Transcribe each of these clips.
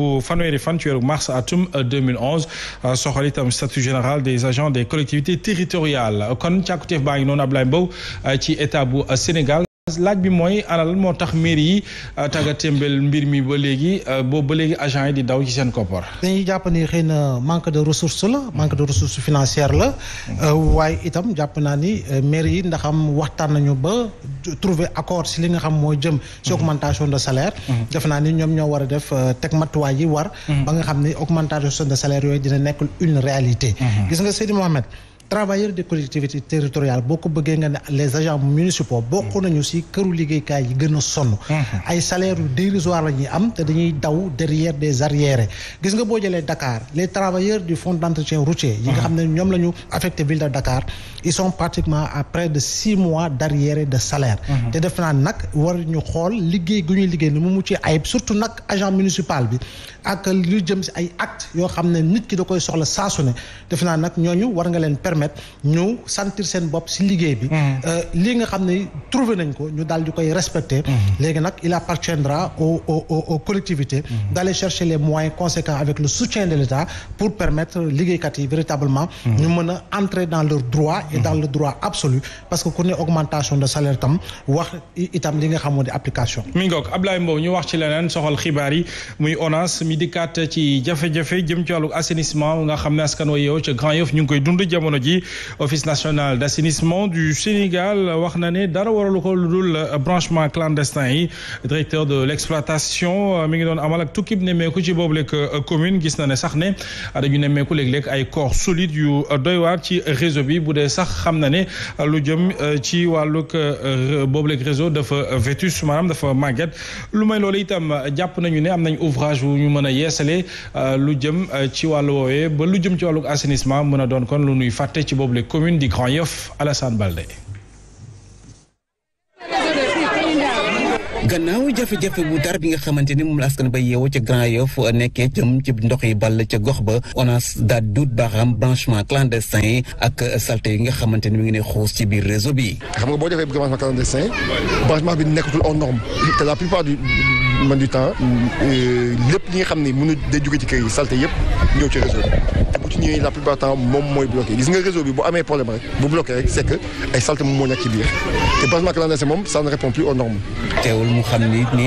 bu fanweeri fan ci weeru euh, deux mille 2011 euh, soxal itam statut général des agents des collectivités territoriales kon càkkutéef baa ngi noonu Ablaye Mbow euh, ci état bu Sénégal laaj bi mooy alal moo tax mairie yi euh, tàgga témbel mbir mi ba léegi euh, boobu ba léegi agent yi di daw ci seen koppar dañuy jàpp ni xëy na manque de ressource la manque de ressource financière la euh, waaye itam jàpp naa ni mairie yi ndax am waxtaan nañu ba trouver accord si li nga xam moo jëm si mhm. augmentation de salaire mhm. def naa ni ñoom ñoo war a def teg matuwaay yi war mhm. ba nga xam ni augmentation de salaire yooyu dina nekkul une réalité gis nga Seydi Mohamed travailleurs des collectivités territoriales boo ko bëggee nga ne les agents municipaux bokk nañu ci këru liggéeykaay yi gën a sonn mhm. ay salaires yu dérisoire la ñuy am te dañuy daw derrière des arriérés gis nga boo jëlee Dakar les travailleurs du fonds d'entretien routier yi nga xam ne mhm. ñoom la ñu affecté ville de Dakar ils sont pratiquement à près de six mois d'arriérés de salaire mhm. te def naa nag war ñu xool liggéey gu ñuy liggéey ni mu muccee ayib surtout nag agent municipal bi ak lu jëm ci ay actes yoo xam ne nit ki da koy soxla saa ne nag ñooñu permettre ñu sentir seen bopp si liggéey bi. Mm. Euh, lii nga xam ne trouvé nañ ko ñu daal di koy respecter. Mm. léegi nag il appartiendra aux aux aux collectivités. Mm. d'aller chercher les moyens conséquents avec le soutien de l'État pour permettre liggéeykat yi véritablement. ñu mën a entrer dans leur droit et dans le droit absolu parce que ku ne augmentation de salaire tam wax itam li nga xam di application. mi ngoog Ablaye Mbow ñu wax ci leneen soxal xibaar yi muy ONAS mi dikkaat ci ji office national d'assainissement du Sénégal wax na ne dara waralu ko lu dul euh, branchement clandestin yi directeur de l'exploitation euh, mi ngi doon amal ak tukkib nemmeeku ci boobu leeg euh, commune gis na ne sax ne dañu nemmeeku léeg-léeg ay corps solides yu doy waar ci réseau bi bu dee sax xam na ne lu jëm ci wàllug boobu leeg réseau dafa vétus maanaam dafa màgget lu may loolu itam jàpp nañu ne am nañ ouvrage wu ñu mën a yeesale lu jëm ci wàllu woowee ba lu jëm ci wàllu assainissement mën a doon kon lu nuy fàtt àtte ci boobu les communes di Grand Yoff Alassane Baldé gannaaw jafe-jafe bu tar bi nga xamante ni moom la askan ba yeewoo ca Grand Yoff uh, nekkee jëm ci ndox yi ball ca gox ba ONAS daal duut baaxam branchement clandestin yi ak salte yi nga xamante ni mu ngi ne xuus ci biir réseau bi. xam nga boo defee branchement clandestin branchement bi nekkatul aux normes te la plupart du man du temps euh, lépp li nga xam ne mënu day jóge ci kay yi salte yëpp ñëw ci réseau ñëwee moom mooy bloqué gis nga réseau bi bu amee problème rek bu bloqué rek c'est ay salte moom moo nekk ci biir te basement clandestin moom ça ne mu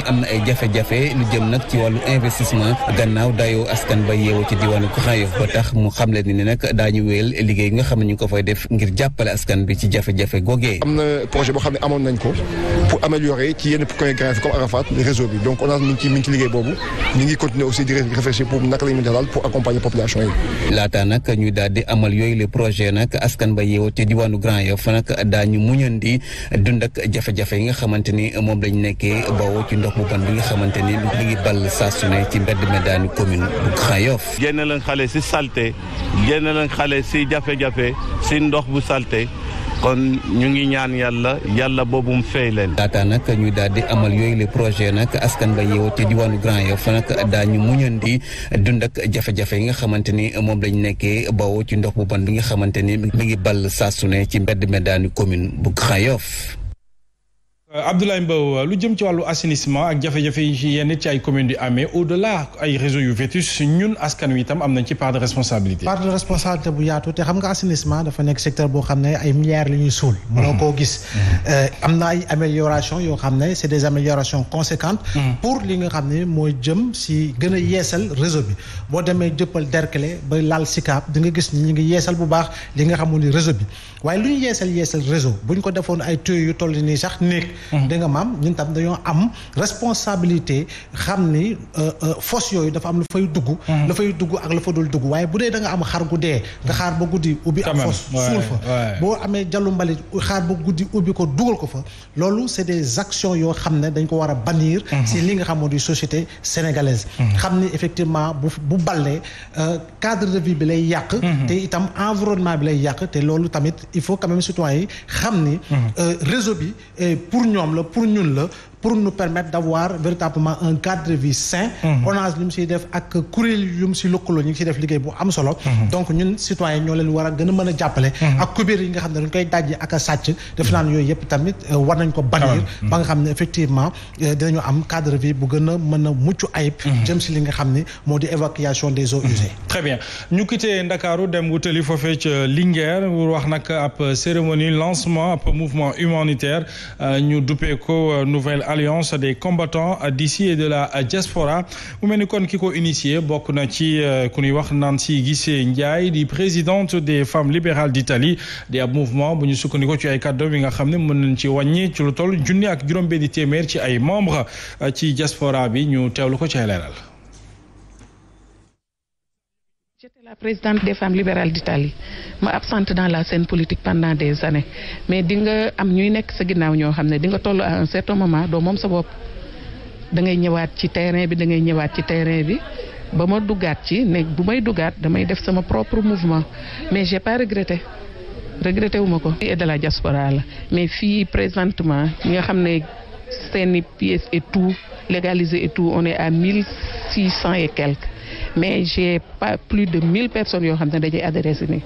am na ay jafe-jafe lu jëm nag ci wàllu investissement gannaaw dayoo askan ba yeewoo ci diwaanu Grand Yoff ba tax mu xam leen ni nag daañu wéyal liggéey nga xam ne bi ci jafe-jafe googee. na projet boo xam ne amoon nañ ko pour améliorer ci yenn ngi ci aussi di réfléchir pour naka la ñu mën a daal pour accompagner population yi. laata nag ñu daal di amal yooyu le projet nag askan ba yeewoo ci diwaanu Grand Yoff nag daañu muñandi dund ak jafe-jafe yi nga xamante ni moom lañ nekkee bawoo ci ndox mu ban bi nga xamante ni li ngi ball saa su ne ci mbedd medaani commune bu Grand Yoff. génne leen xale si salte génne leen xale si jafe-jafe si ndox bu salte kon ñu ngi ñaan yàlla yàlla boobu mu fay leen. laata nag ñu daal di amal yooyu les projet nag askan ba yeewoo te diwaanu Grand Yoff nag daañu muñandi dund ak jafe-jafe yi nga xamante ni moom lañu nekkee bawoo ci ndox bu bon bi nga xamante ni mi ngi ball saa su ne ci mbedd daanu commune bu Grand Yoff. Euh, Abdoulaye Mbow euh, lu jëm ci wàllu assainissement ak jafe-jafe yi ci yenn ci ay commune di amee au-delà ay réseaux yu vétus ñun askan wi itam am nañ ci part de responsabilité. part de responsabilité bu yaatu te xam nga assainissement dafa nekk secteur boo xam ne ay milliards la ñuy suul. mënoo mhm. koo gis. Mhm. Euh, am na ay améliorations yoo xam ne c'est des améliorations conséquentes. Mhm. pour li nga xam ne mooy jëm si gën a yeesal réseau bi boo demee jëppal Derklé ba laal Sicap di nga gis ni ñu ngi yeesal bu baax li nga ni réseau bi waaye lu ñu yeesal yeesal bu ñu ko defoon ay tuyaux yu toll nii sax néeg. Mhm. da nga maam ñun tam dañoo am responsabilité xam ni euh, euh, fos yooyu dafa am lu fay dugg mhm. la fay dugg ak la fa dul dugg waaye bu dee danga am xar gu dee nga xaar ba guddi ubbi ak fosse suul fa boo amee jallu mbalit xaar ba guddi ubbi ko dugal ko fa loolu c'est des action yoo xam ne dañ ko war a bannir mhm. si li nga xam moo di société sénégalaise xam ni effectivement bu bu ballee euh, cadre de vie bi lay yàq te itam environnement bi lay yàq te loolu tamit il faut quand même yi xam ni réseau bi pour ñoom la pour ñun la pour nu permettre d'avoir véritablement un cadre de vie sain. Mhm. ONAS li mu def ak kuréel yu si lëkkaloo ñu ngi siy def liggéey bu am solo. Mhm. donc ñun citoyen ñoo leen war a gën a mën a jàppale. Mhm. ak kubéer yi nga xam ne dañ koy dajji ak a sàcc. def naan yooyu yëpp tamit euh, war nañ ko bannir. ba nga xam ne effectivement euh, dinañu am cadre de vie bu gën a mën a mucc ayib. jëm si li nga xam ne moo di évacuation des eaux usées. très bien ñu quitté Ndakaaru dem wutali foofee ca Linguère wax nag ab cérémonie lancement ab mouvement humanitaire euh, ñu duppee ko nouvelle alliance des combattants d'ici et de la diaspora ku mel ni kon ki ko initié bokk na ci euh, ku ñuy wax naan si Guissé Ndiaye di présidente des femmes libérales d'Italie di ab mouvement bu ñu sukkandiku ci ay kàddoom yi nga xam ne mën nañ ci wàññi ci lu toll junni ak juróom-benni téeméer ci ay membres euh, ci diaspora bi ñu teewlu ko ci ay leeral J'étais la présidente des femmes libérales d'Italie ma absente dans la scène politique pendant des années mais di nga am ñuy nekk sa ginnaaw ñoo xam ne dinga nga toll à un certain moment doo moom sa bopp da ngay ñëwaat ci terrain bi da ngay ñëwaat ci terrain bi ba ma duggaat ci ne bu may duggaat damay def sama propre mouvement mais j'ai pas regretté regretté wu ko et de la diaspora la mais fii présentement ñi nga xam ne seeni pièces et tout légalisé et tout on est à mille six cent et quelques mais j'ai pas plus de mille personnes yoo xam ne dañuy adressé nii.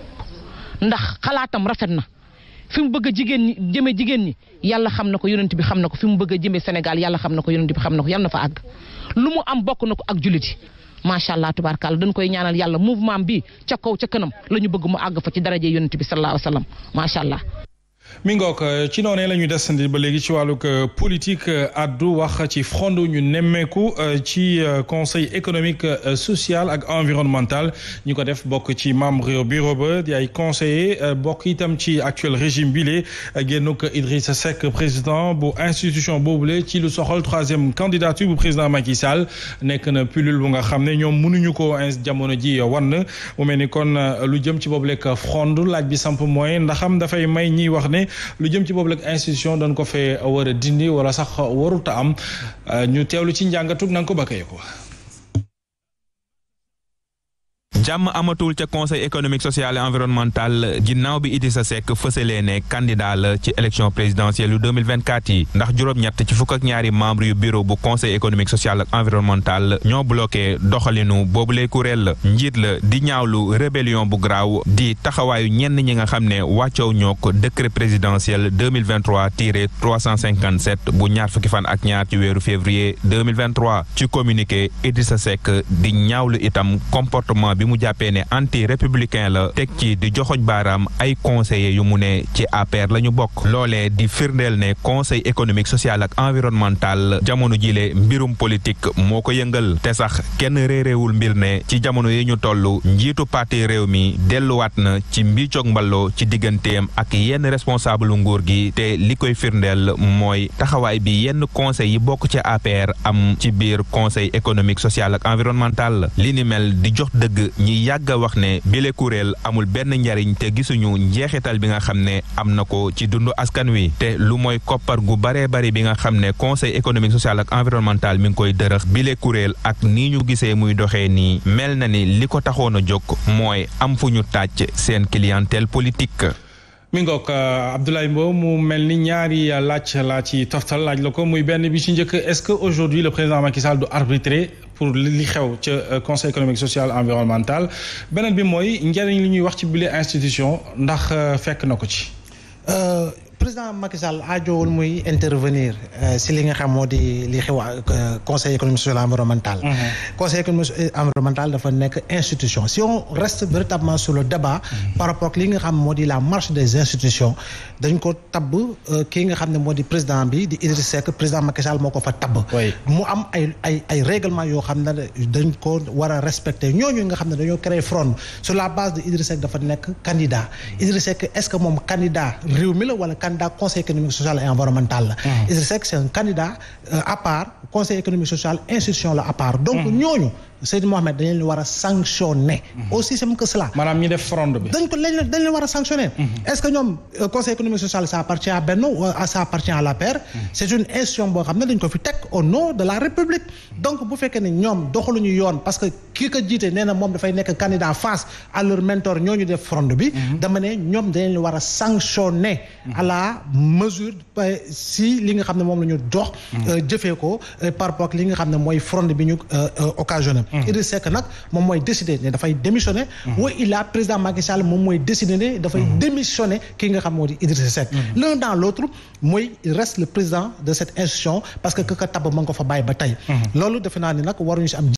ndax xalaatam rafet na fi mu bëgg a jigéen ñi jëmee jigéen ñi yàlla xam na ko yonent bi xam na ko fi mu bëgg a jëmee Sénégal yàlla xam na ko yonent bi xam na ko yàlla na fa àgg lu mu am bokk na ko ak jullit yi macha allah tubaarkàlla dañ koy ñaanal yàlla mouvement bi ca kaw ca kanam la ñu bëgg mu àgg fa ci daraje yonent bi sallallahu alayhi wa sallam mi ngook euh, ci noonee la ñu desandi ba léegi ci wàllug euh, politique euh, addu wax ci frond ñu nemmeeku ci conseil économique social ak environnemental ñu ko def bokk ci membre bureau ba di ay conseiller bokk itam ci actuel régime bile lee génnuk sa Seck président bu institution le ci lu soxol troisième candidature bu président Macky nekk na pilule bu nga xam ne ñoom mënuñu ko jamono ji wann mu mel ni kon lu jëm ci boobu lekk frond laaj bi samp mooy lu jëm ci boobu lag institution dañ ko fee war a dindi wala sax warut a am euh, ñu teewlu ci njàngatut na ko ba bakkee ko jàmm amatul ca conseil économique social et environnemental ginnaaw bi Idrissa Seck fësalee ne candidat la ci élection présidentielle yu 2024 yi ndax juróom-ñett ci fukk ak ñaari membre yu bureau bu conseil économique social ak environnemental ñoo bloqué doxalinu boobu lay kuréel la njiit la di ñaaw lu rébellion bu graaw di taxawaayu ñenn ñi nga xam ne wàccoow ñoo ko décret présidentiel 2023 tiré 357 bu ñaar fukki fan ak ñaar ci weeru février 2023 ci communiqué Idrissa Seck di ñaawlu itam comportement bi mu jàppee ne anti républicain la teg ci di joxoñ baaraam ay conseillers yu mu ne ci APR la ñu bokk loolee di firndeel ne conseil économique social ak environnemental jamono jile mbirum politique moo ko yëngal te sax kenn réeréewul mbir ne ci jamono yi ñu toll njiitu parti réew mi delluwaat na ci mbiicoog mballo ci digganteem ak yenn responsable nguur gi te li koy firndeel mooy taxawaay bi yenn conseil yi bokk ci APR am ci biir conseil économique social ak ñi yàgg a wax ne bile kuréel amul benn njariñ te gisuñu njeexital bi nga xam ne am na ko ci dundu askan wi te lu mooy koppar gu baree bari bi nga xam ne conseil économique social ak environnemental mi ngi koy dërëx bile kuréel ak nii ñu gisee muy doxee nii mel na ni li ko taxoon a jóg mooy am fu ñu tàcc seen clientèle politique mi ngoog euh, Abdoulaye Mbow mu mel ni ñaari euh, laaj laa ci toftal laaj la ko muy benn bi ci njëkk est-ce que aujourd'hui le président Macky Sall du arbitrer pour li xew ca euh, conseil économique social environnemental beneen bi mooy njëriñ li ñuy wax ci bile institution ndax fekk na ko ci. président Macky Sall aajowul muy intervenir euh, si li nga xam moo di li xew euh, conseil économique social environnemental. Mm-hmm. conseil économique environnemental dafa nekk institution si on reste véritablement sur le débat. Mm-hmm. par rapport ak li nga xam moo di la marche des institutions dañ ko tabb euh, kii nga xam ne moo di président bi di Idriss Seck président Macky Sall moo ko fa tabb. mu am ay ay yoo xam ne dañ ko war a respecter ñooñu nga xam ne dañoo créer front sur la base de Idriss Seck nekk candidat conseil économique social et environnemental la mm. Idrissa Seck euh, à part conseil économique social institution la à part donc mm. ñooñu Seydou Mohamed dañ leen war a sanctionner. Mhm. aussi simple que cela. maanaam ñi def fronde bi. dañ ko a sanctionner. Mhm. est-ce que ñoom euh, conseil économique social ça appartient à Benno euh, ça appartient à l'APR. Mhm. c'est une institution boo xam ne dañ ko fi teg au nom de la République. donc bu fekkee ne ñoom doxaluñu yoon parce que kii ko jiite nee na moom dafay nekk candidat face à leur mentor ñooñu def fronde bi. dama ne ñoom dañ leen war a sanctionner. à la mesure euh, si li nga xam ne moom la ñu dox. jëfee ko par rapport li nga xam ne mooy fronde bi ñu occasionné. Mm-hmm. Idriss Seck nag moom mooy décidé ne dafay démissionné mm-hmm. wa illaa président Macky moom mooy décidé ne dafay mm-hmm. démissionné ki nga xam moo di Idriss Seck l'un dans l'autre mooy reste le président de cette institution parce que kaka tab ma nga fa bàyyi ba tey loolu defe naa ni nag waruñu si am